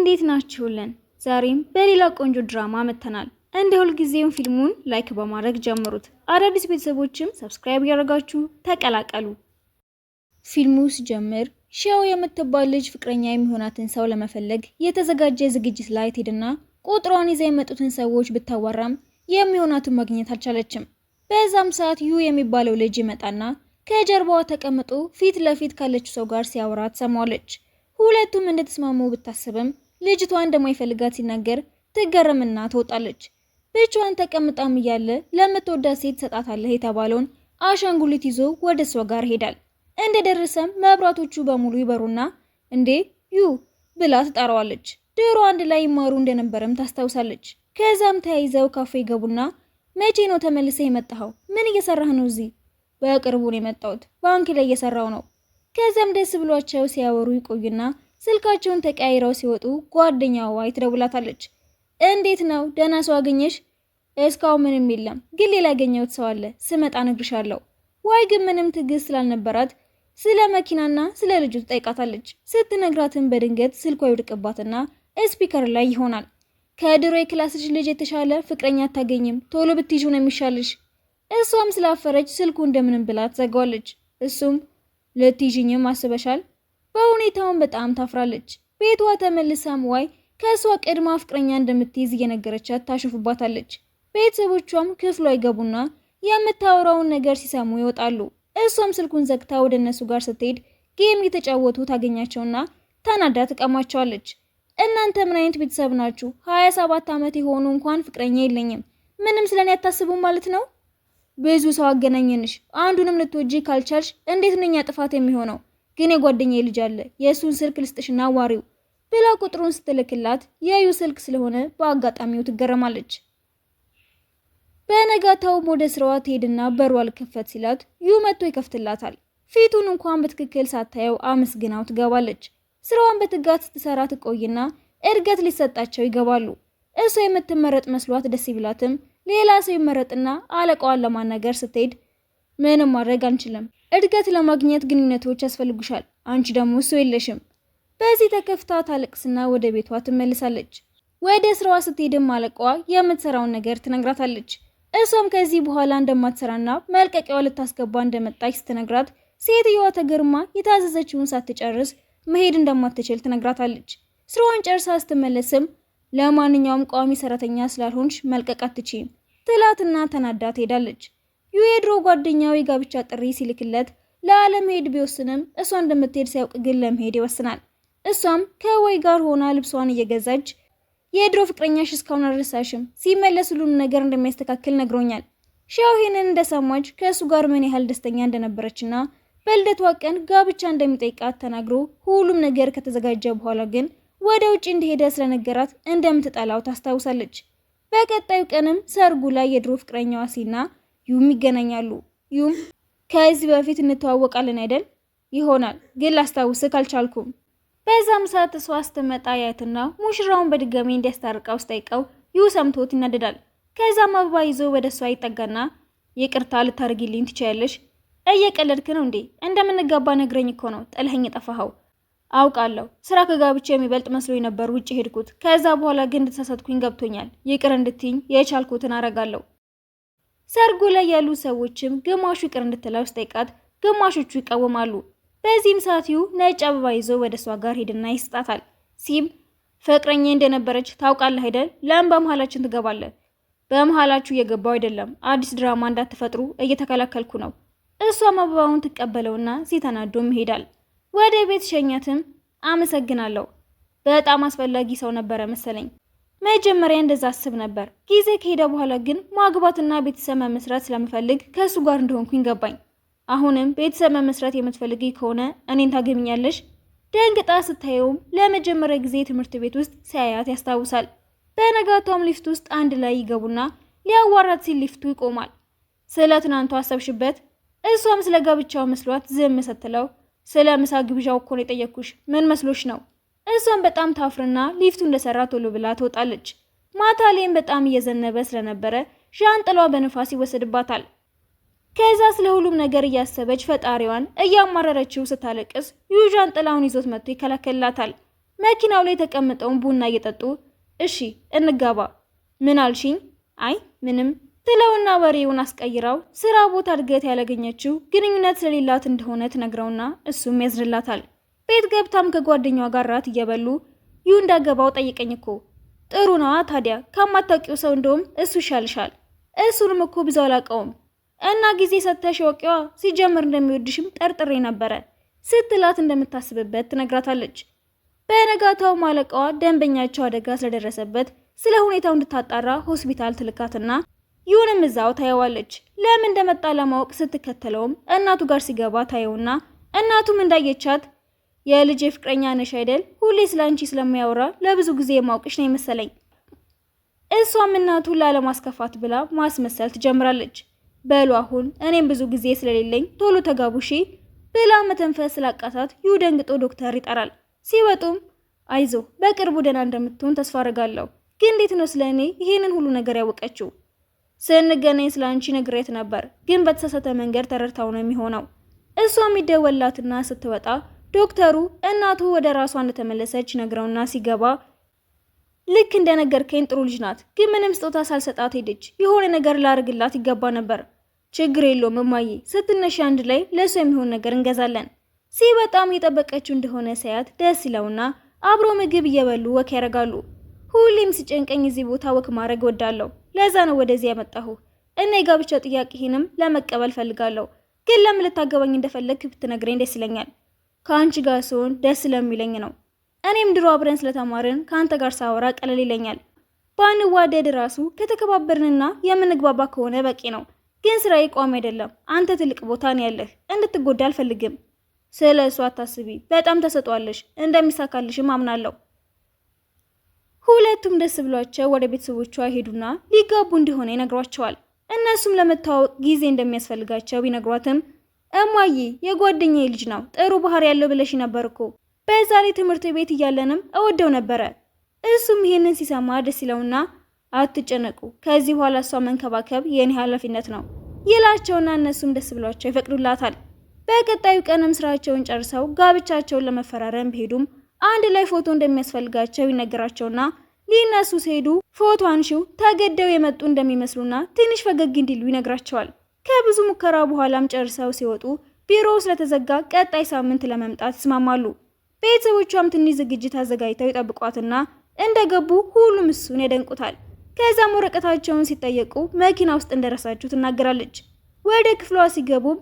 እንዴት ናችሁልን? ዛሬም በሌላ ቆንጆ ድራማ መጥተናል። እንደ ሁልጊዜም ፊልሙን ላይክ በማድረግ ጀምሩት። አዳዲስ ቤተሰቦችም ሰብስክራይብ እያደረጋችሁ ተቀላቀሉ። ፊልሙ ሲጀምር ሺያው የምትባል ልጅ ፍቅረኛ የሚሆናትን ሰው ለመፈለግ የተዘጋጀ ዝግጅት ላይ ትሄድና ቁጥሯን ይዛ የመጡትን ሰዎች ብታዋራም የሚሆናትን ማግኘት አልቻለችም። በዛም ሰዓት ዩ የሚባለው ልጅ ይመጣና ከጀርባዋ ተቀምጦ ፊት ለፊት ካለችው ሰው ጋር ሲያወራ ትሰማዋለች። ሁለቱም እንደተስማሙ ብታስብም ልጅቷ እንደማይፈልጋት ሲናገር ትገረምና ትወጣለች። ብቻዋን ተቀምጣም እያለ ለምትወዳት ሴት ትሰጣታለህ የተባለውን አሻንጉሊት ይዞ ወደ እሷ ጋር ሄዳል። ደረሰም መብራቶቹ በሙሉ ይበሩና እንዴ ዩ ብላ ትጠራዋለች። ድሮ አንድ ላይ ይማሩ እንደነበረም ታስታውሳለች። ከዛም ተያይዘው ካፌ ገቡና መቼ ነው ተመልሰ የመጣኸው? ምን እየሰራህ ነው እዚህ? በቅርቡ ነው የመጣሁት ባንክ ላይ እየሰራው ነው። ከዛም ደስ ብሏቸው ሲያወሩ ይቆዩና ስልካቸውን ተቀያይረው ሲወጡ ጓደኛዋ ትደውላታለች። እንዴት ነው ደህና ሰው አገኘሽ? እስካሁን ምንም የለም፣ ግን ሌላ ያገኘሁት ሰው አለ፣ ስመጣ እነግርሻለሁ። ዋይ ግን ምንም ትዕግስት ስላልነበራት ስለ መኪናና ስለ ልጁ ትጠይቃታለች። ስትነግራትን በድንገት ስልኳ ይውድቅባትና ስፒከር ላይ ይሆናል። ከድሮ የክላስሽ ልጅ የተሻለ ፍቅረኛ አታገኝም፣ ቶሎ ብትይዥ ነው የሚሻልሽ። እሷም ስላፈረች ስልኩ እንደምንም ብላ ትዘጋዋለች። እሱም ልትይዥኝም አስበሻል በሁኔታውን በጣም ታፍራለች። ቤቷ ተመልሳም ዋይ ከእሷ ቀድማ ፍቅረኛ እንደምትይዝ እየነገረቻት ታሸፉባታለች። ቤተሰቦቿም ክፍሉ አይገቡና የምታወራውን ነገር ሲሰሙ ይወጣሉ። እሷም ስልኩን ዘግታ ወደ እነሱ ጋር ስትሄድ ጌም እየተጫወቱ ታገኛቸውና ተናዳ ትቀማቸዋለች። እናንተ ምን አይነት ቤተሰብ ናችሁ? ሀያ ሰባት ዓመት የሆኑ እንኳን ፍቅረኛ የለኝም ምንም ስለኔ እኔ አታስቡም ማለት ነው። ብዙ ሰው አገናኘንሽ፣ አንዱንም ልትወጂ ካልቻልሽ እንዴት ነው እኛ ጥፋት የሚሆነው? ግን የጓደኛ ልጅ አለ የእሱን ስልክ ልስጥሽና ዋሪው ብላ ቁጥሩን ስትልክላት የዩ ስልክ ስለሆነ በአጋጣሚው ትገረማለች። በነጋታውም ወደ ስራዋ ትሄድና በሩ አልከፈት ሲላት ዩ መጥቶ ይከፍትላታል። ፊቱን እንኳን በትክክል ሳታየው አመስግናው ትገባለች። ስራዋን በትጋት ስትሰራ ትቆይና እድገት ሊሰጣቸው ይገባሉ። እሷ የምትመረጥ መስሏት ደስ ይብላትም ሌላ ሰው ይመረጥና አለቃዋን ለማናገር ስትሄድ ምንም ማድረግ አንችልም። እድገት ለማግኘት ግንኙነቶች ያስፈልጉሻል። አንቺ ደግሞ እሱ የለሽም። በዚህ ተከፍታ ታለቅስና ወደ ቤቷ ትመልሳለች። ወደ ስራዋ ስትሄድም አለቃዋ የምትሰራውን ነገር ትነግራታለች። እሷም ከዚህ በኋላ እንደማትሰራና መልቀቂያዋ ልታስገባ እንደመጣች ስትነግራት ሴትዮዋ ተገርማ የታዘዘችውን ሳትጨርስ መሄድ እንደማትችል ትነግራታለች። ስራዋን ጨርሳ ስትመለስም ለማንኛውም ቋሚ ሰራተኛ ስላልሆንሽ መልቀቅ አትችም ትላትና ተናዳ ትሄዳለች። የድሮ ጓደኛው የጋብቻ ጥሪ ሲልክለት ሄድ ቢወስንም እሷ እንደምትሄድ ሲያውቅ ግን ለመሄድ ይወስናል። እሷም ከወይ ጋር ሆና ልብሷን እየገዛች የድሮ ፍቅረኛሽ እስካሁን አልረሳሽም፣ ሲመለስ ሁሉም ነገር እንደሚያስተካክል ነግሮኛል። ሻው ይህንን እንደሰማች ከእሱ ጋር ምን ያህል ደስተኛ እንደነበረችና በልደቷ ቀን ጋብቻ እንደሚጠይቃት ተናግሮ ሁሉም ነገር ከተዘጋጀ በኋላ ግን ወደ ውጭ እንደሄደ ስለነገራት እንደምትጠላው ታስታውሳለች። በቀጣዩ ቀንም ሰርጉ ላይ የድሮ ፍቅረኛዋ ሲና ዩም ይገናኛሉ። ዩም ከዚህ በፊት እንተዋወቃለን አይደል? ይሆናል ግን ላስታውስ አልቻልኩም። በዛም ሰዓት እሷ ስትመጣ ያትና ሙሽራውን በድጋሚ እንዲያስታርቀው ስጠይቀው ዩ ሰምቶት ይናደዳል። ከዛም አበባ ይዞ ወደ እሷ ይጠጋና ይቅርታ ልታርጊልኝ ትችያለሽ? እየቀለድክ ነው እንዴ? እንደምንጋባ ነግረኝ እኮ ነው ጥለኸኝ የጠፋኸው። አውቃለሁ ስራ ከጋብቻ የሚበልጥ መስሎ ነበር ውጭ ሄድኩት። ከዛ በኋላ ግን እንድትሳሳትኩኝ ገብቶኛል። ይቅር እንድትኝ የቻልኩትን አረጋለሁ። ሰርጉ ላይ ያሉ ሰዎችም ግማሹ ይቅር እንድትለው ስጠይቃት፣ ግማሾቹ ይቃወማሉ። በዚህም ሰዓትው ነጭ አበባ ይዞ ወደ እሷ ጋር ሄድና ይስጣታል። ሲም ፍቅረኛ እንደነበረች ታውቃለህ አይደል? ለምን በመሀላችን ትገባለህ? በመሀላችሁ እየገባው አይደለም። አዲስ ድራማ እንዳትፈጥሩ እየተከላከልኩ ነው። እሷም አበባውን ትቀበለውና ሲተናዶም ይሄዳል። ወደ ቤት ሸኛትም። አመሰግናለሁ፣ በጣም አስፈላጊ ሰው ነበረ መሰለኝ። መጀመሪያ እንደዛ አስብ ነበር። ጊዜ ከሄደ በኋላ ግን ማግባትና ቤተሰብ መመስራት ስለምፈልግ ከእሱ ጋር እንደሆንኩኝ ገባኝ። አሁንም ቤተሰብ መስራት የምትፈልጊ ከሆነ እኔን ታገቢኛለሽ። ደንግጣ ስታየውም ለመጀመሪያ ጊዜ ትምህርት ቤት ውስጥ ሲያያት ያስታውሳል። በነጋታውም ሊፍት ውስጥ አንድ ላይ ይገቡና ሊያዋራት ሲል ሊፍቱ ይቆማል። ስለ ትናንቱ አሰብሽበት? እሷም ስለ ጋብቻው መስሏት ዝም ስትለው ስለ ምሳ ግብዣው እኮ ነው የጠየቅኩሽ፣ ምን መስሎሽ ነው እሷን በጣም ታፍርና ሊፍቱ እንደሰራ ቶሎ ብላ ትወጣለች። ማታ ላይም በጣም እየዘነበ ስለነበረ ዣንጥሏ በንፋስ ይወሰድባታል። ከዛ ስለ ሁሉም ነገር እያሰበች ፈጣሪዋን እያማረረችው ስታለቅስ ዩ ዣንጥላውን ይዞት መጥቶ ይከላከልላታል። መኪናው ላይ ተቀምጠውን ቡና እየጠጡ እሺ እንጋባ ምን አልሽኝ? አይ ምንም ትለውና ወሬውን አስቀይራው ስራ ቦታ እድገት ያላገኘችው ግንኙነት ስለሌላት እንደሆነ ትነግረውና እሱም ያዝንላታል። ቤት ገብታም ከጓደኛዋ ጋር ራት እየበሉ ይሁ እንዳገባው ጠይቀኝ እኮ ጥሩ ነዋ። ታዲያ ከማታውቂው ሰው እንደውም እሱ ይሻልሻል። እሱንም እኮ ብዙ አላውቀውም እና ጊዜ ሰጥተሽ ወቂዋ ሲጀምር እንደሚወድሽም ጠርጥሬ ነበረ ስትላት እንደምታስብበት ትነግራታለች። በነጋታው ማለቀዋ ደንበኛቸው አደጋ ስለደረሰበት ስለ ሁኔታው እንድታጣራ ሆስፒታል ትልካትና ይሁንም እዛው ታየዋለች። ለምን እንደመጣ ለማወቅ ስትከተለውም እናቱ ጋር ሲገባ ታየውና እናቱም እንዳየቻት የልጅ ፍቅረኛ ነሽ አይደል? ሁሌ ስለ አንቺ ስለሚያወራ ለብዙ ጊዜ የማውቅሽ ነው የመሰለኝ። እሷም እናቱን ላለማስከፋት ብላ ማስመሰል ትጀምራለች። በሉ አሁን እኔም ብዙ ጊዜ ስለሌለኝ ቶሎ ተጋቡሺ ብላ መተንፈስ ስላቃታት ዩ ደንግጦ ዶክተር ይጠራል። ሲወጡም አይዞ በቅርቡ ደህና እንደምትሆን ተስፋ አድርጋለሁ። ግን እንዴት ነው ስለ እኔ ይህንን ሁሉ ነገር ያወቀችው? ስንገናኝ ስለ አንቺ ነግሬት ነበር፣ ግን በተሳሳተ መንገድ ተረድታው ነው የሚሆነው። እሷም ይደወላትና ስትወጣ ዶክተሩ እናቱ ወደ ራሷ እንደተመለሰች ነግረውና ሲገባ ልክ እንደነገርከኝ ጥሩ ልጅ ናት፣ ግን ምንም ስጦታ ሳልሰጣት ሄደች። የሆነ ነገር ላርግላት ይገባ ነበር። ችግር የለውም እማዬ፣ ስትነሽ አንድ ላይ ለእሱ የሚሆን ነገር እንገዛለን ሲ በጣም የጠበቀችው እንደሆነ ሳያት ደስ ይለውና አብሮ ምግብ እየበሉ ወክ ያደርጋሉ። ሁሌም ሲጨንቀኝ እዚህ ቦታ ወክ ማድረግ ወዳለሁ፣ ለዛ ነው ወደዚህ ያመጣሁ እና የጋብቻ ጥያቄህንም ለመቀበል ፈልጋለሁ፣ ግን ለምን ልታገባኝ እንደፈለግ ብትነግረኝ ደስ ይለኛል። ከአንቺ ጋር ሲሆን ደስ ስለሚለኝ ነው። እኔም ድሮ አብረን ስለተማርን ከአንተ ጋር ሳወራ ቀለል ይለኛል። ባንዋደድ ራሱ ከተከባበርንና የምንግባባ ከሆነ በቂ ነው። ግን ስራዬ ቋሚ አይደለም። አንተ ትልቅ ቦታ ነው ያለህ። እንድትጎዳ አልፈልግም። ስለ እሱ አታስቢ። በጣም ተሰጧለሽ፣ እንደሚሳካልሽም አምናለሁ። ሁለቱም ደስ ብሏቸው ወደ ቤተሰቦቿ ሄዱና ሊጋቡ እንደሆነ ይነግሯቸዋል። እነሱም ለመተዋወቅ ጊዜ እንደሚያስፈልጋቸው ቢነግሯትም እማዬ የጓደኛዬ ልጅ ነው ጥሩ ባህሪ ያለው ብለሽ ነበር እኮ። በዛ ላይ ትምህርት ቤት እያለንም እወደው ነበረ። እሱም ይሄንን ሲሰማ ደስ ይለውና አትጨነቁ፣ ከዚህ በኋላ እሷ መንከባከብ የኔ ኃላፊነት ነው ይላቸውና እነሱም ደስ ብሏቸው ይፈቅዱላታል። በቀጣዩ ቀንም ስራቸውን ጨርሰው ጋብቻቸውን ለመፈራረም ቢሄዱም አንድ ላይ ፎቶ እንደሚያስፈልጋቸው ይነገራቸውና ሊነሱ ሲሄዱ ፎቶ አንሺው ተገደው የመጡ እንደሚመስሉና ትንሽ ፈገግ እንዲሉ ይነግራቸዋል። ከብዙ ሙከራ በኋላም ጨርሰው ሲወጡ ቢሮው ስለተዘጋ ቀጣይ ሳምንት ለመምጣት ይስማማሉ። ቤተሰቦቿም ትንሽ ዝግጅት አዘጋጅተው ይጠብቋትና እንደገቡ ሁሉም እሱን ያደንቁታል። ከዛም ወረቀታቸውን ሲጠየቁ መኪና ውስጥ እንደረሳችሁ ትናገራለች። ወደ ክፍሏ ሲገቡም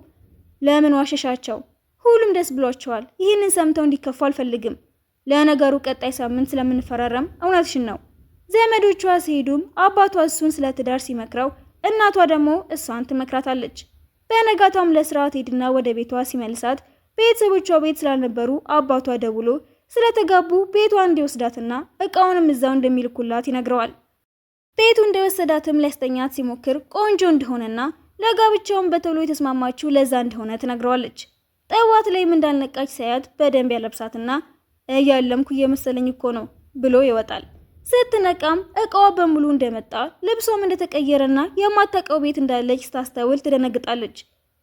ለምን ዋሸሻቸው? ሁሉም ደስ ብሏቸዋል። ይህንን ሰምተው እንዲከፉ አልፈልግም። ለነገሩ ቀጣይ ሳምንት ስለምንፈራረም እውነትሽን ነው። ዘመዶቿ ሲሄዱም አባቷ እሱን ስለ ትዳር ሲመክረው እናቷ ደግሞ እሷን ትመክራታለች። በነጋታውም ለስራ ትሄድና ወደ ቤቷ ሲመልሳት ቤተሰቦቿ ቤት ስላልነበሩ አባቷ ደውሎ ስለተጋቡ ቤቷ እንዲወስዳትና እቃውንም እዛው እንደሚልኩላት ይነግረዋል። ቤቱ እንደወሰዳትም ሊያስተኛት ሲሞክር ቆንጆ እንደሆነና ለጋብቻውም በተብሎ የተስማማችው ለዛ እንደሆነ ትነግረዋለች። ጠዋት ላይም እንዳልነቃች ሳያት በደንብ ያለብሳትና እያለምኩ እየመሰለኝ እኮ ነው ብሎ ይወጣል። ስትነቃም እቃዋ በሙሉ እንደመጣ ልብሷም እንደተቀየረና የማታውቀው ቤት እንዳለች ስታስተውል ትደነግጣለች።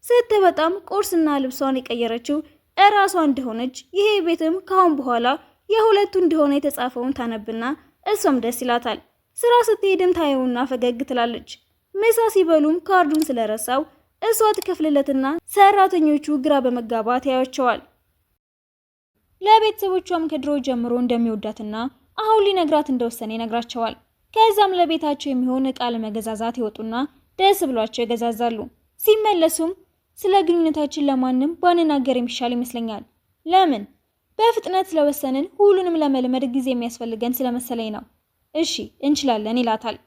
ስትበጣም ቁርስና ልብሷን የቀየረችው እራሷ እንደሆነች ይሄ ቤትም ካሁን በኋላ የሁለቱ እንደሆነ የተጻፈውን ታነብና እሷም ደስ ይላታል። ስራ ስትሄድም ታየውና ፈገግ ትላለች። ምሳ ሲበሉም ካርዱን ስለረሳው እሷ ትከፍልለትና ሰራተኞቹ ግራ በመጋባት ያያቸዋል። ለቤተሰቦቿም ከድሮ ጀምሮ እንደሚወዳትና አሁን ሊነግራት እንደወሰነ ይነግራቸዋል። ከዛም ለቤታቸው የሚሆን እቃ ለመገዛዛት ይወጡና ደስ ብሏቸው ይገዛዛሉ። ሲመለሱም ስለ ግንኙነታችን ለማንም ባንናገር የሚሻል ይመስለኛል። ለምን? በፍጥነት ስለወሰንን ሁሉንም ለመልመድ ጊዜ የሚያስፈልገን ስለመሰለኝ ነው። እሺ እንችላለን ይላታል።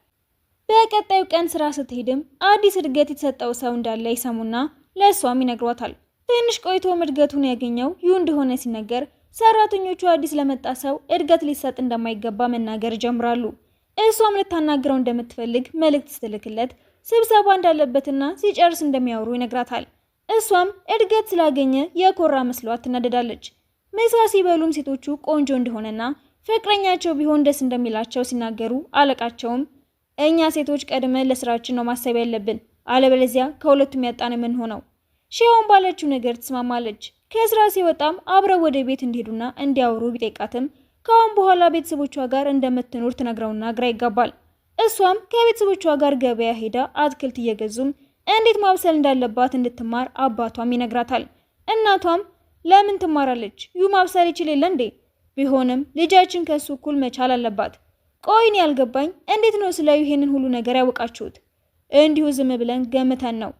በቀጣዩ ቀን ስራ ስትሄድም አዲስ እድገት የተሰጠው ሰው እንዳለ ይሰሙና ለእሷም ይነግሯታል። ትንሽ ቆይቶም እድገቱን ያገኘው ይሁ እንደሆነ ሲነገር ሰራተኞቹ አዲስ ለመጣ ሰው እድገት ሊሰጥ እንደማይገባ መናገር ይጀምራሉ። እሷም ልታናግረው እንደምትፈልግ መልእክት ስትልክለት ስብሰባ እንዳለበትና ሲጨርስ እንደሚያወሩ ይነግራታል። እሷም እድገት ስላገኘ የኮራ መስሏት ትናደዳለች። ምሳ ሲበሉም ሴቶቹ ቆንጆ እንደሆነና ፍቅረኛቸው ቢሆን ደስ እንደሚላቸው ሲናገሩ አለቃቸውም እኛ ሴቶች ቀድመን ለስራችን ነው ማሰብ ያለብን፣ አለበለዚያ ከሁለቱም ያጣን የምንሆነው ሺያውን ባለችው ነገር ትስማማለች። ከስራ ሲወጣም አብረው ወደ ቤት እንዲሄዱና እንዲያወሩ ቢጠይቃትም ከአሁን በኋላ ቤተሰቦቿ ጋር እንደምትኖር ትነግረውና ግራ ይጋባል። እሷም ከቤተሰቦቿ ጋር ገበያ ሄዳ አትክልት እየገዙም እንዴት ማብሰል እንዳለባት እንድትማር አባቷም ይነግራታል። እናቷም ለምን ትማራለች? ዩ ማብሰል ይችል የለ እንዴ? ቢሆንም ልጃችን ከእሱ እኩል መቻል አለባት። ቆይን ያልገባኝ እንዴት ነው ስላዩ ይሄንን ሁሉ ነገር ያወቃችሁት? እንዲሁ ዝም ብለን ገምተን ነው።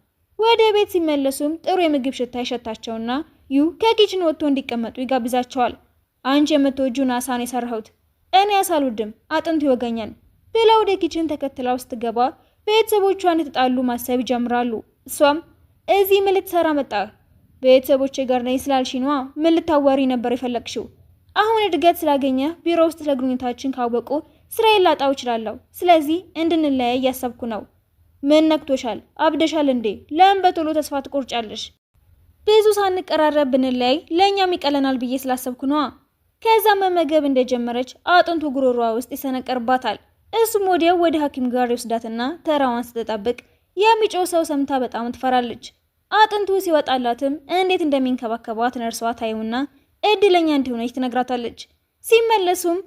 ወደ ቤት ሲመለሱም ጥሩ የምግብ ሽታ ይሸታቸውና ዩ ከኪችን ወጥቶ እንዲቀመጡ ይጋብዛቸዋል። አንቺ የምትወጂውን አሳን የሰራሁት እኔ አሳልወድም አጥንቱ ይወገኛል። ብላ ወደ ኪችን ተከትላው ስትገባ ቤተሰቦቿን የተጣሉ ማሰብ ይጀምራሉ። እሷም እዚህ ምን ልትሰራ መጣ? ቤተሰቦቼ ጋር ነኝ ስላልሽኝ ነዋ። ምን ልታዋሪ ነበር የፈለግሽው? አሁን እድገት ስላገኘ ቢሮ ውስጥ ስለ ግንኙነታችን ካወቁ ስራ ላጣው እችላለሁ። ስለዚህ እንድንለያይ እያሰብኩ ነው። ምን ነክቶሻል? አብደሻል እንዴ? ለምን በቶሎ ተስፋ ትቆርጫለሽ? ብዙ ሳንቀራረብ ብንለያይ ለእኛም ይቀለናል ብዬ ስላሰብኩ ነዋ። ከዛ መመገብ እንደጀመረች አጥንቱ ጉሮሯ ውስጥ ይሰነቀርባታል። እሱም ወዲያው ወደ ሐኪም ጋር ይወስዳትና ተራዋን ስትጠብቅ የሚጮ ሰው ሰምታ በጣም ትፈራለች። አጥንቱ ሲወጣላትም እንዴት እንደሚንከባከባት ነርሷ ታየውና እድለኛ እንደሆነች ትነግራታለች። ሲመለሱም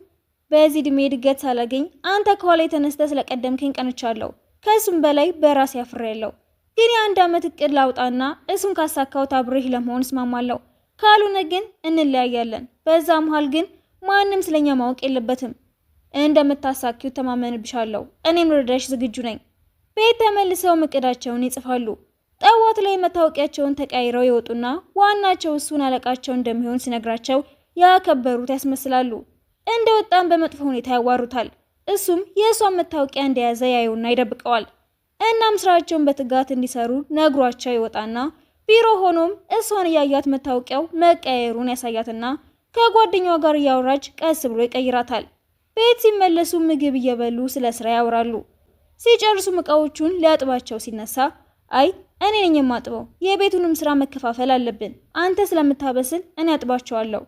በዚህ እድሜ እድገት ሳላገኝ አንተ ከኋላ የተነስተ ስለቀደምከኝ ቀንቻለሁ፣ ከሱም በላይ በራሴ አፍሬያለሁ ግን የአንድ ዓመት እቅድ ላውጣና እሱን ካሳካሁት አብሬህ ለመሆን እስማማለሁ፣ ካልሆነ ግን እንለያያለን። በዛ መሀል ግን ማንም ስለኛ ማወቅ የለበትም። እንደምታሳኪው ተማመንብሻለሁ። እኔም ልረዳሽ ዝግጁ ነኝ። ቤት ተመልሰው እቅዳቸውን ይጽፋሉ። ጠዋት ላይ መታወቂያቸውን ተቀያይረው ይወጡና ዋናቸው እሱን አለቃቸው እንደሚሆን ሲነግራቸው ያከበሩት ያስመስላሉ። እንደ ወጣም በመጥፎ ሁኔታ ያዋሩታል። እሱም የእሷን መታወቂያ እንደያዘ ያየውና ይደብቀዋል። እናም ስራቸውን በትጋት እንዲሰሩ ነግሯቸው ይወጣና ቢሮ ሆኖም እሷን እያያት መታወቂያው መቀየሩን ያሳያትና ከጓደኛዋ ጋር እያወራች ቀስ ብሎ ይቀይራታል። ቤት ሲመለሱ ምግብ እየበሉ ስለ ስራ ያወራሉ። ሲጨርሱ እቃዎቹን ሊያጥባቸው ሲነሳ አይ እኔ ነኝ የማጥበው፣ የቤቱንም ስራ መከፋፈል አለብን። አንተ ስለምታበስል እኔ አጥባቸዋለሁ።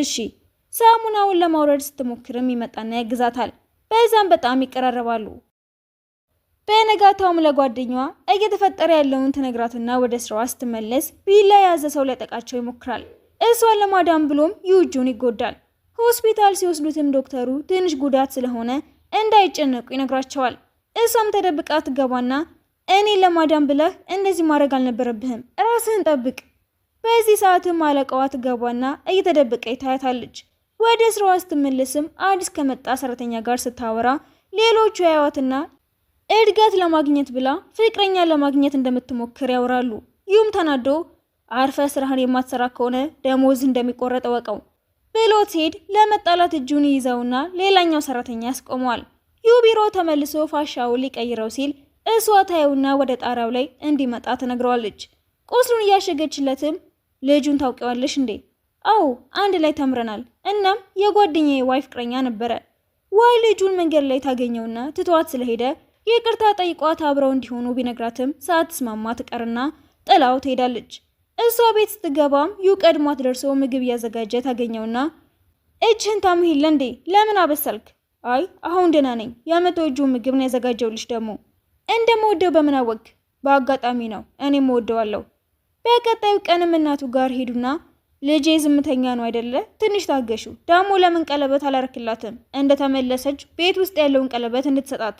እሺ። ሳሙናውን ለማውረድ ስትሞክርም ይመጣና ያግዛታል። በዛም በጣም ይቀራረባሉ። በነጋታውም ለጓደኛዋ እየተፈጠረ ያለውን ትነግራትና ወደ ስራዋ ስትመለስ ቢላ የያዘ ሰው ሊያጠቃቸው ይሞክራል። እሷን ለማዳን ብሎም ዩጁን ይጎዳል። ሆስፒታል ሲወስዱትም ዶክተሩ ትንሽ ጉዳት ስለሆነ እንዳይጨነቁ ይነግራቸዋል። እሷም ተደብቃ ትገባና እኔ ለማዳን ብለህ እንደዚህ ማድረግ አልነበረብህም፣ ራስህን ጠብቅ። በዚህ ሰዓትም አለቃዋ ትገባና እየተደበቀ ይታያታለች። ወደ ስራዋ ስትመለስም አዲስ ከመጣ ሰራተኛ ጋር ስታወራ ሌሎቹ ያዩዋትና እድገት ለማግኘት ብላ ፍቅረኛ ለማግኘት እንደምትሞክር ያወራሉ። ይሁም ተናዶ አርፈ ስራህን የማትሰራ ከሆነ ደሞዝ እንደሚቆረጥ ወቀው። ብሎ ሲሄድ ለመጣላት እጁን ይዘውና ሌላኛው ሰራተኛ ያስቆመዋል። ይሁ ቢሮ ተመልሶ ፋሻውን ሊቀይረው ሲል እሷ ታየውና ወደ ጣሪያው ላይ እንዲመጣ ትነግረዋለች። ቁስሉን እያሸገችለትም ልጁን ታውቂዋለሽ እንዴ? አዎ አንድ ላይ ተምረናል። እናም የጓደኛ ዋይ ፍቅረኛ ነበረ። ዋይ ልጁን መንገድ ላይ ታገኘውና ትቷት ስለሄደ ይቅርታ ጠይቋት አብረው እንዲሆኑ ቢነግራትም ሳትስማማ ትቀርና ጥላው ትሄዳለች። እሷ ቤት ስትገባም ዩ ቀድሟት ደርሶ ምግብ እያዘጋጀ ታገኘውና እጅህን ታምሂለ እንዴ ለምን አበሰልክ? አይ አሁን ደህና ነኝ። እጁ ምግብ ነው ያዘጋጀውልሽ። ደግሞ እንደምወደው በምን አወቅ? በአጋጣሚ ነው። እኔም እወደዋለሁ። በቀጣዩ ቀንም እናቱ ጋር ሄዱና ልጄ ዝምተኛ ነው አይደለ? ትንሽ ታገሹ። ዳሞ ለምን ቀለበት አላረክላትም? እንደተመለሰች ቤት ውስጥ ያለውን ቀለበት እንድትሰጣት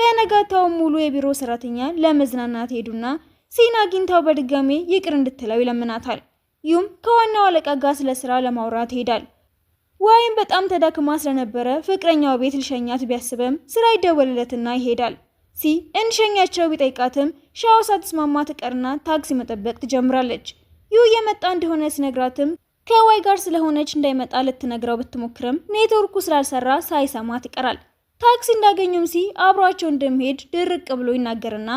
በነጋታው ሙሉ የቢሮ ሰራተኛ ለመዝናናት ሄዱና ሲና አግኝታው በድጋሜ ይቅር እንድትለው ይለምናታል። ይሁም ከዋናው አለቃ ጋር ስለ ስራ ለማውራት ይሄዳል። ወይም በጣም ተዳክማ ስለነበረ ፍቅረኛው ቤት ልሸኛት ቢያስብም ስራ ይደወልለትና ይሄዳል። ሲ እንሸኛቸው ቢጠይቃትም ሻው ሳትስማማ ትቀርና ታክሲ መጠበቅ ትጀምራለች። ይሁ የመጣ እንደሆነ ሲነግራትም ከዋይ ጋር ስለሆነች እንዳይመጣ ልትነግረው ብትሞክርም ኔትወርኩ ስላልሰራ ሳይሰማ ትቀራል። ታክሲ እንዳገኙም ሲ አብሯቸው እንደሚሄድ ድርቅ ብሎ ይናገርና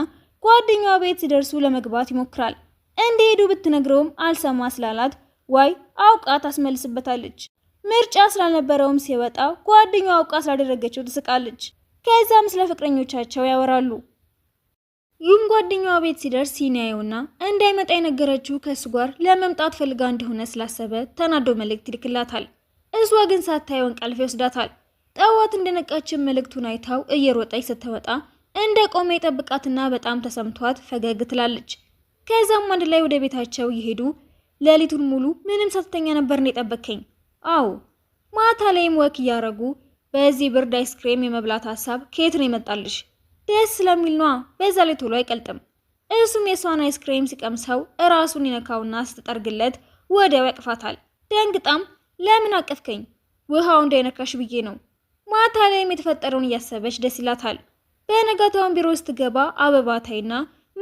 ጓደኛዋ ቤት ሲደርሱ ለመግባት ይሞክራል። እንደሄዱ ብትነግረውም አልሰማ ስላላት ዋይ አውቃ ታስመልስበታለች። ምርጫ ስላልነበረውም ሲወጣ ጓደኛዋ አውቃ ስላደረገችው ትስቃለች። ከዛም ስለ ፍቅረኞቻቸው ያወራሉ። ይህም ጓደኛዋ ቤት ሲደርስ ሲናየውና እንዳይመጣ የነገረችው ከእሱ ጋር ለመምጣት ፈልጋ እንደሆነ ስላሰበ ተናዶ መልእክት ይልክላታል። እሷ ግን ሳታየውን ቀልፍ ይወስዳታል። ጠዋት እንደነቃችን መልእክቱን አይታው እየሮጠች ስትወጣ እንደ ቆመ የጠብቃትና በጣም ተሰምቷት ፈገግ ትላለች። ከዛም አንድ ላይ ወደ ቤታቸው ይሄዱ። ሌሊቱን ሙሉ ምንም ሳትተኛ ነበር እንደ የጠበከኝ። አዎ ማታ ላይም ወክ እያረጉ በዚህ ብርድ አይስክሬም የመብላት ሀሳብ ከየት ነው ይመጣልሽ? ደስ ስለሚል ኗ። በዛ ላይ ቶሎ አይቀልጥም። እሱም የሷን አይስክሬም ሲቀምሰው እራሱን ይነካውና ስትጠርግለት ወዲያው ያቅፋታል። ደንግጣም ለምን አቀፍከኝ? ውሃው እንዳይነካሽ ብዬ ነው ማታ ላይ የተፈጠረውን እያሰበች ደስ ይላታል። በነጋታውን ቢሮ ውስጥ ገባ አበባ ታይና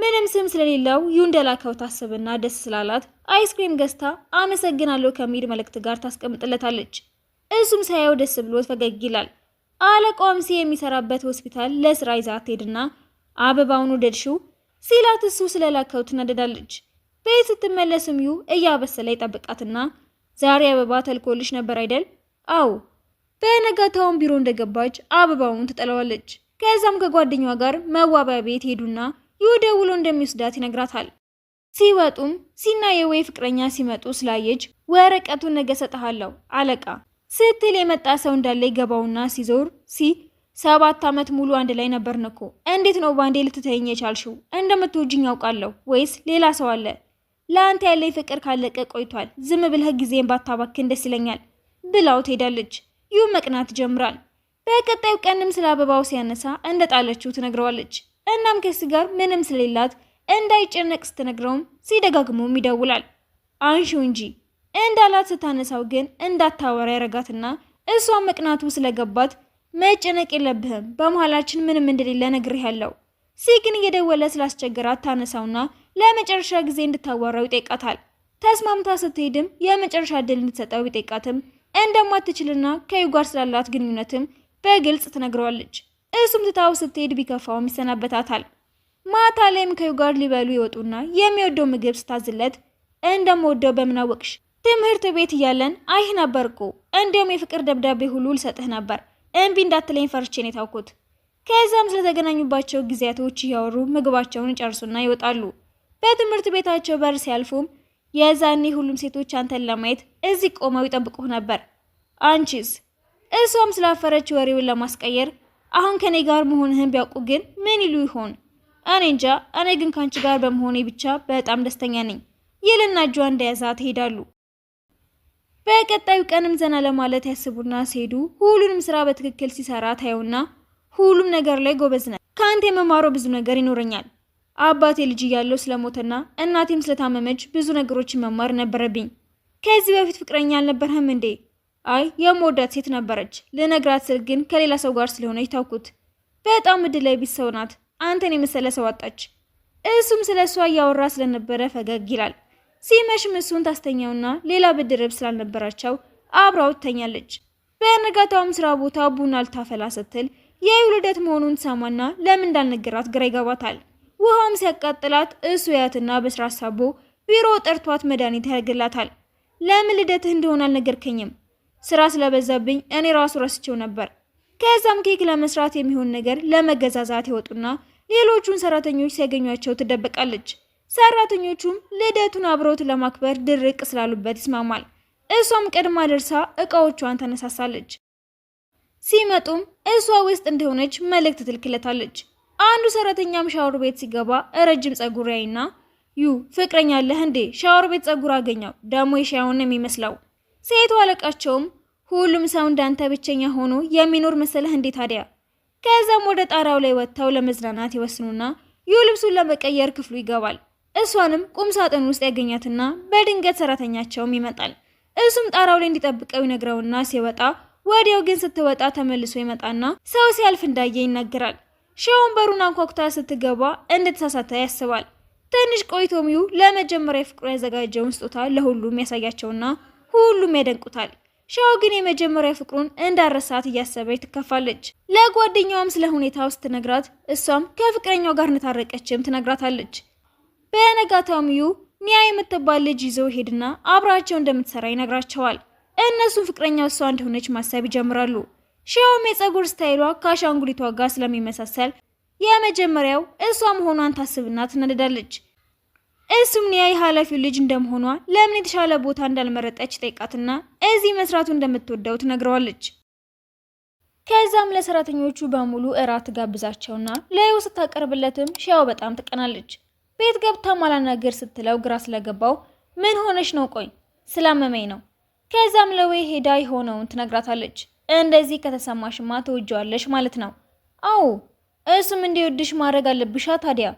ምንም ስም ስለሌለው ዩንደላከው ታስብና ደስ ስላላት አይስክሪም ገዝታ አመሰግናለሁ ከሚል መልእክት ጋር ታስቀምጥለታለች። እሱም ሳያው ደስ ብሎት ፈገግ ይላል። አለቃዋም ሲ የሚሰራበት ሆስፒታል ለስራ ይዛት ሄድና አበባውን ወደድሽው ሲላት እሱ ስለላከው ትናደዳለች። ቤት ስትመለስም ዩ እያበሰለ ይጠብቃትና ዛሬ አበባ ተልኮልሽ ነበር አይደል? አዎ በነጋታውን ቢሮ እንደገባች አበባውን ትጠለዋለች። ከዛም ከጓደኛዋ ጋር መዋቢያ ቤት ሄዱና ይደውሎ እንደሚወስዳት ይነግራታል። ሲወጡም ሲና የወይ ፍቅረኛ ሲመጡ ስላየች ወረቀቱን ነገ ሰጥሃለሁ አለቃ ስትል የመጣ ሰው እንዳለ ይገባውና ሲዞር ሲ ሰባት ዓመት ሙሉ አንድ ላይ ነበርን እኮ እንዴት ነው ባንዴ ልትተይኝ የቻልሽው? እንደምትወጂኝ ያውቃለሁ። ወይስ ሌላ ሰው አለ? ለአንተ ያለኝ ፍቅር ካለቀ ቆይቷል። ዝም ብለህ ጊዜን ባታባክን ደስ ይለኛል ብላው ትሄዳለች። ዩ መቅናት ይጀምራል። በቀጣዩ ቀንም ስለ አበባው ሲያነሳ እንደ ጣለችው ትነግረዋለች። እናም ከሱ ጋር ምንም ስለሌላት እንዳይጨነቅ ስትነግረውም ሲደጋግሞም ይደውላል። አንሺው እንጂ እንዳላት ስታነሳው ግን እንዳታወራ ያረጋትና እሷ መቅናቱ ስለገባት መጨነቅ የለብህም በመሃላችን ምንም እንደሌለ ያለው ሲ ግን እየደወለ ስላስቸገራት ታነሳውና ለመጨረሻ ጊዜ እንድታዋራው ይጠይቃታል። ተስማምታ ስትሄድም የመጨረሻ እድል እንድትሰጠው ይጠይቃትም እንደማትችልና ከዩ ጋር ስላላት ግንኙነትም በግልጽ ትነግረዋለች። እሱም ትታው ስትሄድ ቢከፋውም ይሰናበታታል። ማታ ላይም ከዩ ጋር ሊበሉ ይወጡና የሚወደው ምግብ ስታዝለት እንደምወደው በምናወቅሽ ትምህርት ቤት እያለን አይህ ነበር እኮ እንዲሁም የፍቅር ደብዳቤ ሁሉ ልሰጥህ ነበር እምቢ እንዳትለኝ ፈርቼን የታውኩት። ከዚያም ስለተገናኙባቸው ጊዜያቶች እያወሩ ምግባቸውን ይጨርሱና ይወጣሉ። በትምህርት ቤታቸው በር ሲያልፉም የዛኔ ሁሉም ሴቶች አንተን ለማየት እዚህ ቆመው ይጠብቁህ ነበር። አንቺስ? እሷም ስላፈረች ወሬውን ለማስቀየር አሁን ከኔ ጋር መሆንህን ቢያውቁ ግን ምን ይሉ ይሆን? እኔ እንጃ። እኔ ግን ከአንቺ ጋር በመሆኔ ብቻ በጣም ደስተኛ ነኝ ይልና እጇ እንደያዛ ትሄዳሉ። በቀጣዩ ቀንም ዘና ለማለት ያስቡና ሲሄዱ ሁሉንም ስራ በትክክል ሲሰራ ታየውና ሁሉም ነገር ላይ ጎበዝ ነ ከአንተ የመማሮ ብዙ ነገር ይኖረኛል አባቴ ልጅ እያለሁ ስለሞተና እናቴም ስለታመመች ብዙ ነገሮችን መማር ነበረብኝ። ከዚህ በፊት ፍቅረኛ አልነበረህም እንዴ? አይ የምወዳት ሴት ነበረች። ልነግራት ስል ግን ከሌላ ሰው ጋር ስለሆነች ታውኩት። በጣም እድል ላይ ቢት ሰው ናት። አንተን የመሰለ ሰው አጣች። እሱም ስለ እሷ እያወራ ስለነበረ ፈገግ ይላል። ሲመሽም እሱን ታስተኛውና ሌላ ብድርብ ስላልነበራቸው አብራው ትተኛለች። በነጋታውም ስራ ቦታ ቡና ልታፈላ ስትል የልደት መሆኑን ሰማና ለምን እንዳልነገራት ግራ ይገባታል። ውሃም ሲያቃጥላት እሱ ያትና በስራ ሳቦ ቢሮ ጠርቷት መድኃኒት ያደርግላታል። ለምን ልደትህ እንደሆነ አልነገርከኝም? ስራ ስለበዛብኝ እኔ ራሱ ረስቼው ነበር። ከዛም ኬክ ለመስራት የሚሆን ነገር ለመገዛዛት ይወጡና ሌሎቹን ሰራተኞች ሲያገኟቸው ትደበቃለች። ሰራተኞቹም ልደቱን አብረውት ለማክበር ድርቅ ስላሉበት ይስማማል። እሷም ቀድማ ደርሳ እቃዎቿን ተነሳሳለች። ሲመጡም እሷ ውስጥ እንደሆነች መልእክት ትልክለታለች። አንዱ ሰራተኛም ሻወር ቤት ሲገባ ረጅም ጸጉር ያይና ዩ ፍቅረኛ አለህ እንዴ? ሻወር ቤት ጸጉር አገኘው ደግሞ የሻውን የሚመስለው ሴቱ አለቃቸውም ሁሉም ሰው እንዳንተ ብቸኛ ሆኖ የሚኖር መሰለህ እንዴ ታዲያ። ከዛም ወደ ጣራው ላይ ወጥተው ለመዝናናት ይወስኑና ዩ ልብሱን ለመቀየር ክፍሉ ይገባል። እሷንም ቁም ሳጥን ውስጥ ያገኛትና በድንገት ሰራተኛቸውም ይመጣል። እሱም ጣራው ላይ እንዲጠብቀው ይነግረውና ሲወጣ ወዲያው ግን ስትወጣ ተመልሶ ይመጣና ሰው ሲያልፍ እንዳየ ይናገራል። ሺያውን በሩን አንኳኩታ ስትገባ እንደተሳሳተ ያስባል። ትንሽ ቆይቶ ሚው ለመጀመሪያ ፍቅሩ ያዘጋጀውን ስጦታ ለሁሉም ያሳያቸውና ሁሉም ያደንቁታል። ሻው ግን የመጀመሪያ ፍቅሩን እንዳረሳት እያሰበች ትከፋለች። ለጓደኛዋም ስለ ሁኔታው ስትነግራት እሷም ከፍቅረኛው ጋር እንታረቀችም ትነግራታለች። በነጋታው ሚዩ ኒያ የምትባል ልጅ ይዘው ሄድና አብራቸው እንደምትሰራ ይነግራቸዋል። እነሱም ፍቅረኛው እሷ እንደሆነች ማሰብ ይጀምራሉ። ሺያውም የፀጉር ስታይሏ ከአሻንጉሊቷ ጋር ስለሚመሳሰል የመጀመሪያው እሷ መሆኗን ታስብና ትነደዳለች። እሱም ኒያ የኃላፊው ልጅ እንደመሆኗ ለምን የተሻለ ቦታ እንዳልመረጠች ጠይቃትና እዚህ መስራቱ እንደምትወደው ትነግረዋለች። ከዛም ለሰራተኞቹ በሙሉ እራት ጋብዛቸውና ለየው ስታቀርብለትም ሻው በጣም ትቀናለች። ቤት ገብታ ማላናገር ስትለው ግራ ስለገባው ምን ሆነሽ ነው? ቆይ ስላመመኝ ነው። ከዛም ለወይ ሄዳ የሆነውን ትነግራታለች። እንደዚህ ከተሰማሽማ ትወጂዋለሽ ማለት ነው። አዎ እሱም እንዲወድሽ ማድረግ አለብሻ ታዲያ።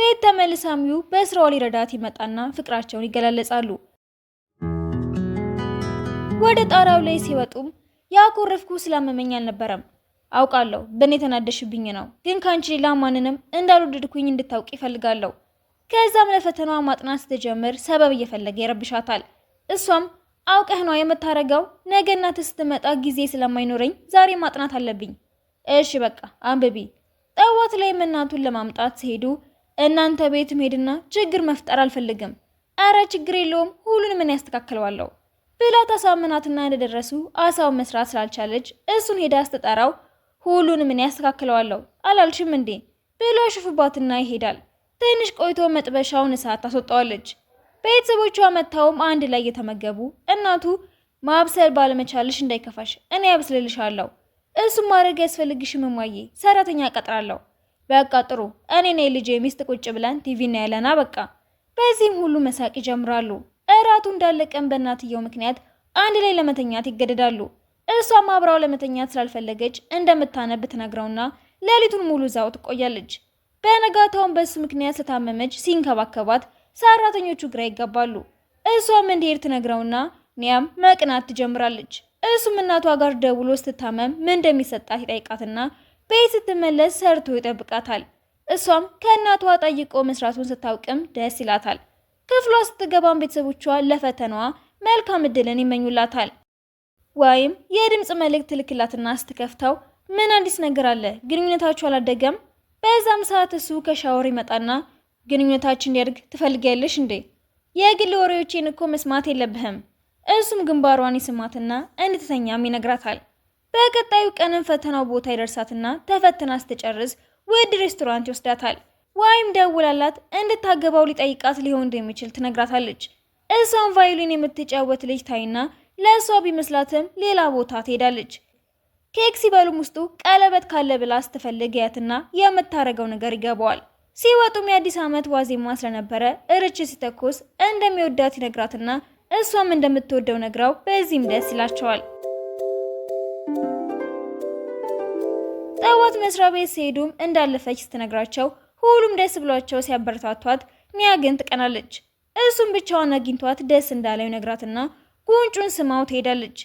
ቤት ተመልሳሚው በስራዋ ሊረዳት ይመጣና ፍቅራቸውን ይገላለጻሉ። ወደ ጣሪያው ላይ ሲወጡም ያኮረፍኩ ስላመመኝ አልነበረም። አውቃለሁ በእኔ የተናደሽብኝ ነው፣ ግን ከአንቺ ሌላ ማንንም እንዳልወደድኩኝ እንድታውቅ ይፈልጋለሁ። ከዛም ለፈተናዋ ማጥናት ስትጀምር ሰበብ እየፈለገ ይረብሻታል። እሷም አውቀህ ነው የምታረገው። ነገ እናትህ ስትመጣ ጊዜ ስለማይኖረኝ ዛሬ ማጥናት አለብኝ። እሺ በቃ አንብቢ። ጠዋት ላይ እናቱን ለማምጣት ሲሄዱ እናንተ ቤት ሄድና ችግር መፍጠር አልፈልግም፣ አረ ችግር የለውም ሁሉንም እኔ ያስተካክለዋለሁ ብላ ታሳምናትና እንደደረሱ አሳውን መስራት ስላልቻለች እሱን ሄዳ ስትጠራው ሁሉንም እኔ ያስተካክለዋለሁ አላልሽም እንዴ ብሎ ሽፉባትና ይሄዳል። ትንሽ ቆይቶ መጥበሻውን እሳት ታስወጣዋለች። ቤተሰቦቿ መጥተውም አንድ ላይ እየተመገቡ እናቱ ማብሰል ባለመቻልሽ እንዳይከፋሽ እኔ አብስልልሻለሁ። እሱም ማድረግ ያስፈልግሽ እማዬ፣ ሰራተኛ ቀጥራለሁ። በቃ ጥሩ፣ እኔና ልጄ ሚስት ቁጭ ብለን ቲቪ ያለና በቃ። በዚህም ሁሉ መሳቅ ይጀምራሉ። እራቱ እንዳለቀን በእናትየው ምክንያት አንድ ላይ ለመተኛት ይገደዳሉ። እሷም አብራው ለመተኛት ስላልፈለገች እንደምታነብ ትነግረውና ሌሊቱን ሙሉ እዛው ትቆያለች። በነጋታውን በሱ ምክንያት ስታመመች ሲንከባከባት ሰራተኞቹ ግራ ይጋባሉ። እሷም እንዲሄድ ትነግረውና ኒያም መቅናት ትጀምራለች። እሱም እናቷ ጋር ደውሎ ስትታመም ምን እንደሚሰጣት ይጠይቃትና ቤት ስትመለስ ሰርቶ ይጠብቃታል። እሷም ከእናቷ ጠይቆ መስራቱን ስታውቅም ደስ ይላታል። ክፍሏ ስትገባም ቤተሰቦቿ ለፈተናዋ መልካም እድልን ይመኙላታል። ወይም የድምፅ መልእክት ትልክላትና ስትከፍተው ምን አዲስ ነገር አለ? ግንኙነታችሁ አላደገም? በዛም ሰዓት እሱ ከሻወር ይመጣና ግንኙነታችን እንዲያድግ ትፈልጊያለሽ እንዴ? የግል ወሬዎቼን እኮ መስማት የለብህም። እሱም ግንባሯን ይስማትና እንድትተኛም ይነግራታል። በቀጣዩ ቀንም ፈተናው ቦታ ይደርሳትና ተፈትና ስትጨርስ ውድ ሬስቶራንት ይወስዳታል። ወይም ደውላላት እንድታገባው ሊጠይቃት ሊሆን እንደሚችል ትነግራታለች። እሷም ቫዮሊን የምትጫወት ልጅ ታይና ለእሷ ቢመስላትም ሌላ ቦታ ትሄዳለች። ኬክ ሲበሉም ውስጡ ቀለበት ካለ ብላ ስትፈልግ ያትና የምታረገው ነገር ይገባዋል። ሲወጡም የአዲስ ዓመት ዋዜማ ስለነበረ እርች ሲተኩስ እንደሚወዳት ይነግራትና እሷም እንደምትወደው ነግራው በዚህም ደስ ይላቸዋል። ጠዋት መስሪያ ቤት ሲሄዱም እንዳለፈች ስትነግራቸው ሁሉም ደስ ብሏቸው ሲያበረታቷት ሚያ ግን ትቀናለች። እሱም ብቻዋን አግኝቷት ደስ እንዳለው ነግራትና ጉንጩን ስማው ትሄዳለች።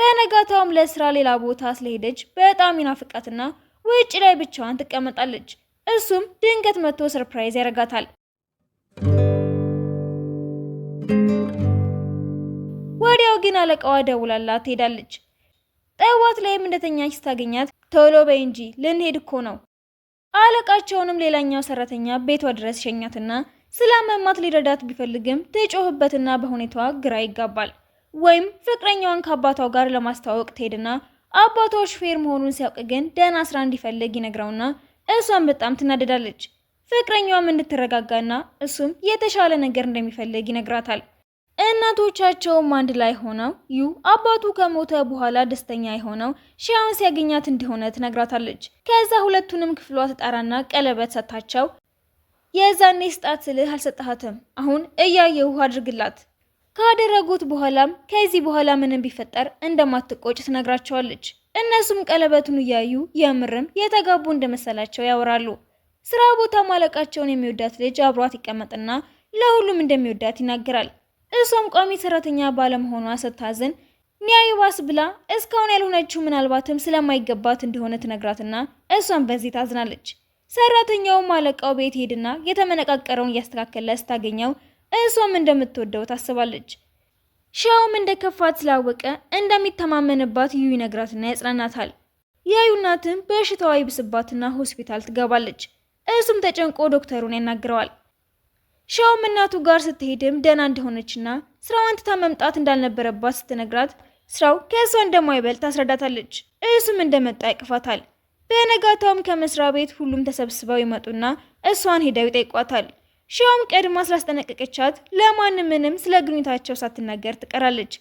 በነጋታውም ለስራ ሌላ ቦታ ስለሄደች በጣም ይናፍቃትና ውጭ ላይ ብቻዋን ትቀመጣለች። እሱም ድንገት መጥቶ ሰርፕራይዝ ያደርጋታል። ወዲያው ግን አለቃዋ ደውላላት ትሄዳለች። ጠዋት ላይም እንደተኛች ስታገኛት ቶሎ በይ እንጂ ልንሄድ እኮ ነው። አለቃቸውንም ሌላኛው ሰራተኛ ቤቷ ድረስ ሸኛትና ስላመማት ሊረዳት ቢፈልግም ትጮህበትና በሁኔታዋ ግራ ይጋባል። ወይም ፍቅረኛዋን ከአባቷ ጋር ለማስተዋወቅ ትሄድና አባቷ ሹፌር መሆኑን ሲያውቅ ግን ደህና ስራ እንዲፈልግ ይነግረውና እሷም በጣም ትናደዳለች። ፍቅረኛዋም እንድትረጋጋና እሱም የተሻለ ነገር እንደሚፈልግ ይነግራታል። እናቶቻቸውም አንድ ላይ ሆነው ዩ አባቱ ከሞተ በኋላ ደስተኛ የሆነው ሺያውን ሲያገኛት እንደሆነ ትነግራታለች። ከዛ ሁለቱንም ክፍሏ ተጣራና ቀለበት ሰታቸው የዛኔ ስጣት ስልህ አልሰጠሃትም፣ አሁን እያየሁ አድርግላት። ካደረጉት በኋላም ከዚህ በኋላ ምንም ቢፈጠር እንደማትቆጭ ትነግራቸዋለች። እነሱም ቀለበቱን እያዩ የምርም የተጋቡ እንደመሰላቸው ያወራሉ። ስራ ቦታ ማለቃቸውን የሚወዳት ልጅ አብሯት ይቀመጥና ለሁሉም እንደሚወዳት ይናገራል። እሷም ቋሚ ሰራተኛ ባለመሆኗ ስታዝን ኒያ ይባስ ብላ እስካሁን ያልሆነችው ምናልባትም ስለማይገባት እንደሆነ ትነግራትና እሷም በዚህ ታዝናለች። ሰራተኛውም አለቃው ቤት ሄድና የተመነቃቀረውን እያስተካከለ ስታገኘው እሷም እንደምትወደው ታስባለች። ሻውም እንደ ከፋት ስላወቀ እንደሚተማመንባት ዩ ይነግራትና ያጽናናታል። የዩ እናትም በሽታዋ ይብስባትና ሆስፒታል ትገባለች። እሱም ተጨንቆ ዶክተሩን ያናግረዋል። ሻውም እናቱ ጋር ስትሄድም ደህና እንደሆነችና ስራዋን ትታ መምጣት እንዳልነበረባት ስትነግራት ስራው ከእሷ እንደማይበልጥ ታስረዳታለች። እሱም እንደመጣ ያቅፋታል። በነጋታውም ከመስሪያ ቤት ሁሉም ተሰብስበው ይመጡና እሷን ሄደው ይጠይቋታል። ሺዋም ቀድማ ስላስጠነቀቀቻት ለማንም ምንም ስለ ግንኙታቸው ሳትናገር ትቀራለች።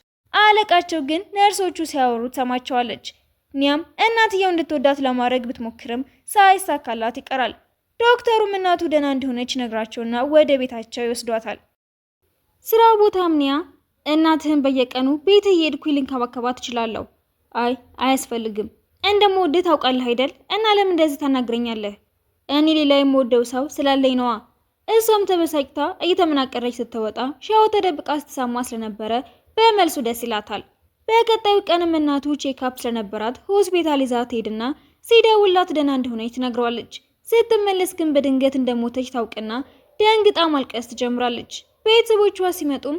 አለቃቸው ግን ነርሶቹ ሲያወሩ ትሰማቸዋለች። ኒያም እናትየው እንድትወዳት ለማድረግ ብትሞክርም ሳይሳካላት ይቀራል። ዶክተሩም እናቱ ደህና እንደሆነች ነግራቸውና ወደ ቤታቸው ይወስዷታል። ስራ ቦታም ኒያ እናትህን በየቀኑ ቤት እየሄድኩ ልንከባከባት እችላለሁ። አይ አያስፈልግም፣ እንደምወድህ ታውቃለህ አይደል? እና ለምን እንደዚህ ታናግረኛለህ? እኔ ሌላ የምወደው ሰው ስላለኝ ነዋ እሷም ተበሳጭታ እየተመናቀረች ስትወጣ ሻው ተደብቃ ስትሰማ ስለነበረ በመልሱ ደስ ይላታል። በቀጣዩ ቀንም እናቱ ቼክአፕ ስለነበራት ሆስፒታል ይዛ ትሄድና ሲደውላት ደህና እንደሆነች ትነግረዋለች። ስትመለስ ግን በድንገት እንደሞተች ታውቅና ደንግጣ ማልቀስ ትጀምራለች። ቤተሰቦቿ ሲመጡም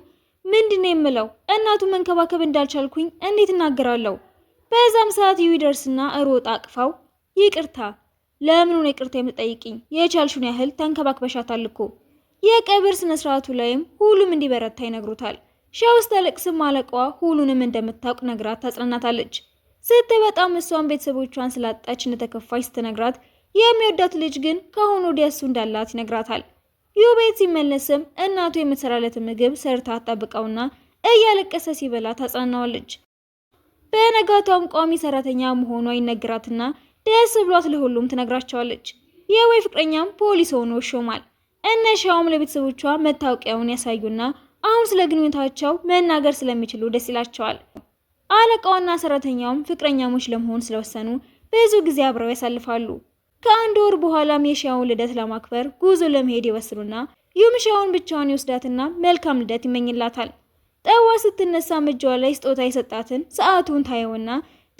ምንድነው የምለው እናቱ መንከባከብ እንዳልቻልኩኝ እንዴት እናገራለሁ? በዛም ሰዓት ይደርስና ሮጣ አቅፋው ይቅርታ ለምኑ ነው ይቅርታ የምትጠይቅኝ? የቻልሽውን ያህል ተንከባክበሻታል እኮ። የቀብር ስነ ስርዓቱ ላይም ሁሉም እንዲበረታ ይነግሩታል። ሻው ስታለቅስም አለቃዋ ሁሉንም እንደምታውቅ ነግራት ታጽናናታለች። ስት በጣም እሷን ቤተሰቦቿን ስላጣች እንደተከፋች ስትነግራት የሚወዳት ልጅ ግን ከአሁኑ ወዲያ እሱ እንዳላት ይነግራታል። ዩቤት ሲመለስም እናቱ የምትሰራለትን ምግብ ሰርታ አጣብቀውና እያለቀሰ ሲበላ ታጽናናዋለች። በነጋቷም ቋሚ ሰራተኛ መሆኗ ይነግራትና ደስ ብሏት ለሁሉም ትነግራቸዋለች። የወይ ፍቅረኛም ፖሊስ ሆኖ ሾማል። እነ ሻውም ለቤተሰቦቿ መታወቂያውን ያሳዩና አሁን ስለ ግንኙነታቸው መናገር ስለሚችሉ ደስ ይላቸዋል። አለቃውና ሰራተኛውም ፍቅረኛሞች ለመሆን ስለወሰኑ ብዙ ጊዜ አብረው ያሳልፋሉ። ከአንድ ወር በኋላም የሻውን ልደት ለማክበር ጉዞ ለመሄድ ይወስኑና ዩም ሻውን ብቻዋን ይወስዳትና መልካም ልደት ይመኝላታል። ጠዋት ስትነሳ እጇ ላይ ስጦታ የሰጣትን ሰዓቱን ታየውና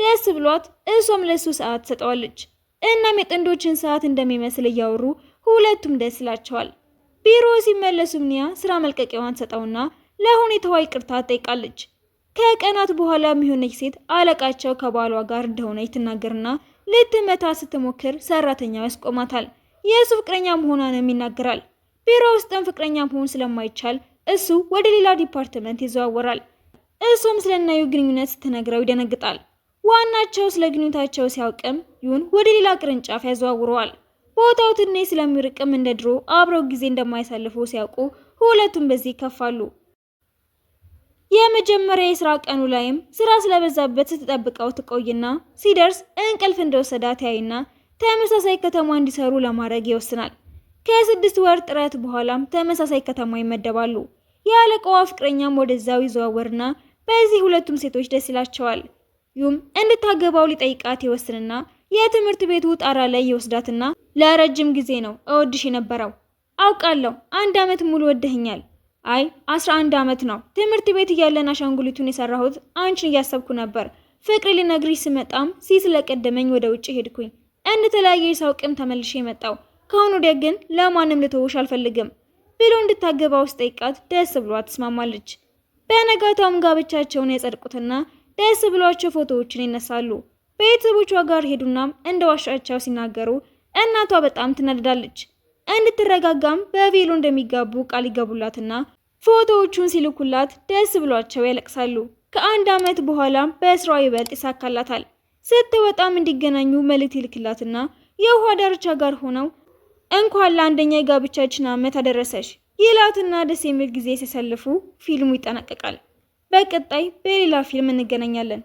ደስ ብሏት እሷም ለሱ ሰዓት ትሰጠዋለች። እናም የጥንዶችን ሰዓት እንደሚመስል እያወሩ ሁለቱም ደስ ይላቸዋል። ቢሮ ሲመለሱም ኒያ ስራ መልቀቂያዋን ሰጠውና ለሁኔታዋ ይቅርታ ትጠይቃለች። ከቀናት በኋላ የሚሆነች ሴት አለቃቸው ከባሏ ጋር እንደሆነች ትናገርና ልትመታ ስትሞክር ሰራተኛው ያስቆማታል። የእሱ ፍቅረኛ መሆኗንም ይናገራል። ቢሮ ውስጥም ፍቅረኛ መሆን ስለማይቻል እሱ ወደ ሌላ ዲፓርትመንት ይዘዋወራል። እሱም ስለናዩ ግንኙነት ስትነግረው ይደነግጣል። ዋናቸው ስለ ግንኙነታቸው ሲያውቅም ይሁን ወደ ሌላ ቅርንጫፍ ያዘዋውረዋል። ቦታው ትንሽ ስለሚርቅም እንደ ድሮ አብረው ጊዜ እንደማያሳልፉ ሲያውቁ ሁለቱም በዚህ ይከፋሉ። የመጀመሪያ የስራ ቀኑ ላይም ስራ ስለበዛበት ስትጠብቀው ትቆይና ሲደርስ እንቅልፍ እንደወሰዳት ያይና ተመሳሳይ ከተማ እንዲሰሩ ለማድረግ ይወስናል። ከስድስት ወር ጥረት በኋላም ተመሳሳይ ከተማ ይመደባሉ። የአለቃዋ ፍቅረኛም ወደዛው ይዘዋወርና በዚህ ሁለቱም ሴቶች ደስ ይላቸዋል። ዩም እንድታገባው ሊጠይቃት ይወስንና የትምህርት ቤቱ ጣራ ላይ ይወስዳትና ለረጅም ጊዜ ነው እወድሽ የነበረው አውቃለሁ። አንድ አመት ሙሉ ወደህኛል። አይ አስራ አንድ አመት ነው። ትምህርት ቤት እያለን አሻንጉሊቱን የሰራሁት አንቺን እያሰብኩ ነበር። ፍቅር ልነግሪሽ ስመጣም ሲ ስለቀደመኝ ወደ ውጭ ሄድኩኝ። እንደተለያየ ሳውቅም ተመልሼ የመጣው ከአሁን ወዲያ ግን ለማንም ልተውሽ አልፈልግም ብሎ እንድታገባው ጠይቃት ደስ ብሏ ትስማማለች። በነጋታውም ጋብቻቸውን ያጸድቁትና ደስ ብሏቸው ፎቶዎችን ይነሳሉ። ቤተሰቦቿ ጋር ሄዱናም እንደ ዋሻቸው ሲናገሩ እናቷ በጣም ትናደዳለች። እንድትረጋጋም በቬሎ እንደሚጋቡ ቃል ይገቡላትና ፎቶዎቹን ሲልኩላት ደስ ብሏቸው ያለቅሳሉ። ከአንድ ዓመት በኋላም በስራው ይበልጥ ይሳካላታል። ስትወጣም እንዲገናኙ መልእክት ይልክላትና የውሃ ዳርቻ ጋር ሆነው እንኳን ለአንደኛ የጋብቻችን ዓመት አደረሰሽ ይላትና ደስ የሚል ጊዜ ሲሰልፉ ፊልሙ ይጠናቀቃል። በቀጣይ በሌላ ፊልም እንገናኛለን።